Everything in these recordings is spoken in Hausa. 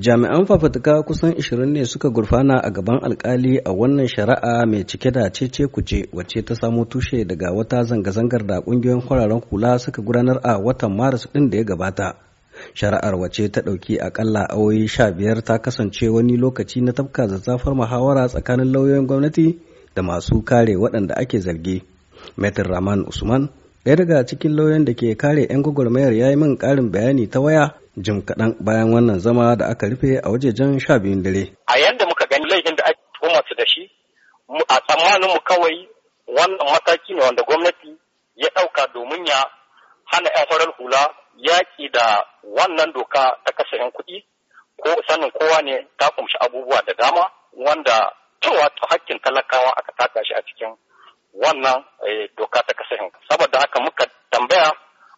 jami'an fafatuka kusan 20 ne suka gurfana a gaban alkali a wannan shari'a mai cike da cece kuce wacce ta samo tushe daga wata zanga-zangar da kungiyoyin kwararen kula suka gudanar a watan maris din da ya gabata shari'ar wacce ta ɗauki akalla awoyi biyar ta kasance wani lokaci na tafka zazzafar muhawara tsakanin lauyoyin gwamnati da masu kare waɗanda ake zargi metin rahman usman ɗaya daga cikin lauyoyin da ke kare 'yan gwagwarmayar ya yi min ƙarin bayani ta waya jim kaɗan bayan wannan zama da aka rufe a wajejen sha biyun dare. A yadda muka gani laifin da ake tuhuma su da shi, a tsammanin mu kawai wannan mataki ne wanda gwamnati ya ɗauka domin ya hana 'yan farar hula yaƙi da wannan doka ta kashe 'yan kuɗi ko sanin kowa ne ta kumshi abubuwa da dama wanda cewa hakkin talakawa aka taka shi a cikin wannan eh, doka ta kashe Saboda haka muka tambaya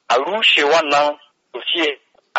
a rushe wannan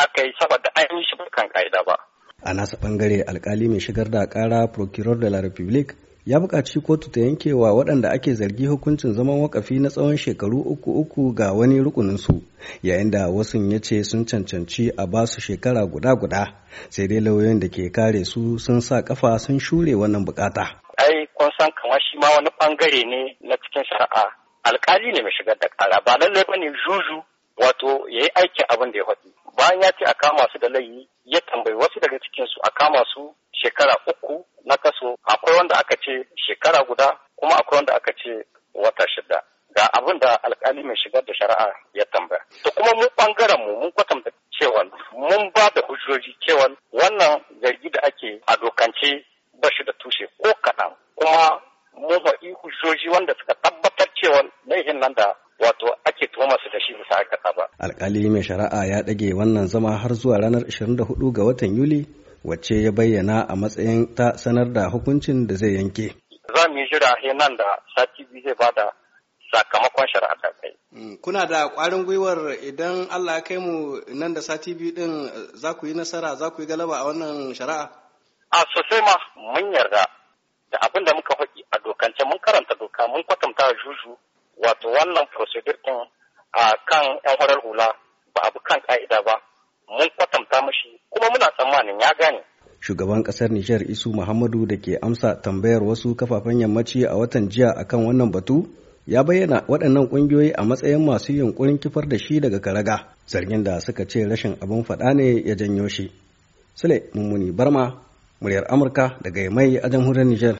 aka yi saboda an yi shi kan ka'ida ba. A nasa bangare alkali mai shigar da kara Procureur de la Republique ya buƙaci kotu ta yankewa waɗanda ake zargi hukuncin zaman wakafi na tsawon shekaru uku uku ga wani rukuninsu yayin da wasu ya ce sun cancanci a ba su shekara guda guda sai dai lauyoyin da ke kare su sun sa kafa sun shure wannan bukata. ai kun san kamar shi ma wani bangare ne na cikin shari'a alkali ne mai shigar da kara ba lallai bane juju wato ya yi aikin abin da ya faɗi bayan ya ce a kama su da laifi ya tambayi wasu daga cikin su a kama su shekara uku na kaso akwai wanda aka ce shekara guda kuma akwai wanda aka ce wata shida ga abin da alkali mai shigar da shari'a ya tambaya to kuma mu bangaren mu mun kwatanta cewa mun ba da hujjoji cewa wannan zargi da ake a dokance ba shi da tushe ko kaɗan kuma mun faɗi hujjoji wanda suka tabbata alkali mai shari'a ya ɗage wannan zama har zuwa ranar 24 ga watan yuli wacce ya bayyana a matsayin ta sanar da hukuncin da zai yanke za mu yi jira nan da sati biyu zai bada sakamakon shari'a ta kai mm, kuna da ƙwarin gwiwar idan allah ya kai mu nan da sati biyu din za ku yi nasara za ku yi galaba a wannan shari'a a sosai ma mun yarda da abin da muka faɗi a dokance mun karanta doka mun kwatanta juju wato wannan procedure din a kan 'yan farar hula ba abu kan ka'ida ba mun kwatanta mashi kuma muna tsammanin ya gane shugaban kasar Nijar Isu Muhammadu da ke amsa tambayar wasu kafafen yammaci a watan jiya akan wannan batu ya bayyana waɗannan ƙungiyoyi a matsayin masu yunkurin kifar da shi daga karaga zargin da suka ce rashin abin faɗa ne ya janyo shi. Sule Mummuni Barma, muryar Amurka daga mai a jamhuriyar Nijar.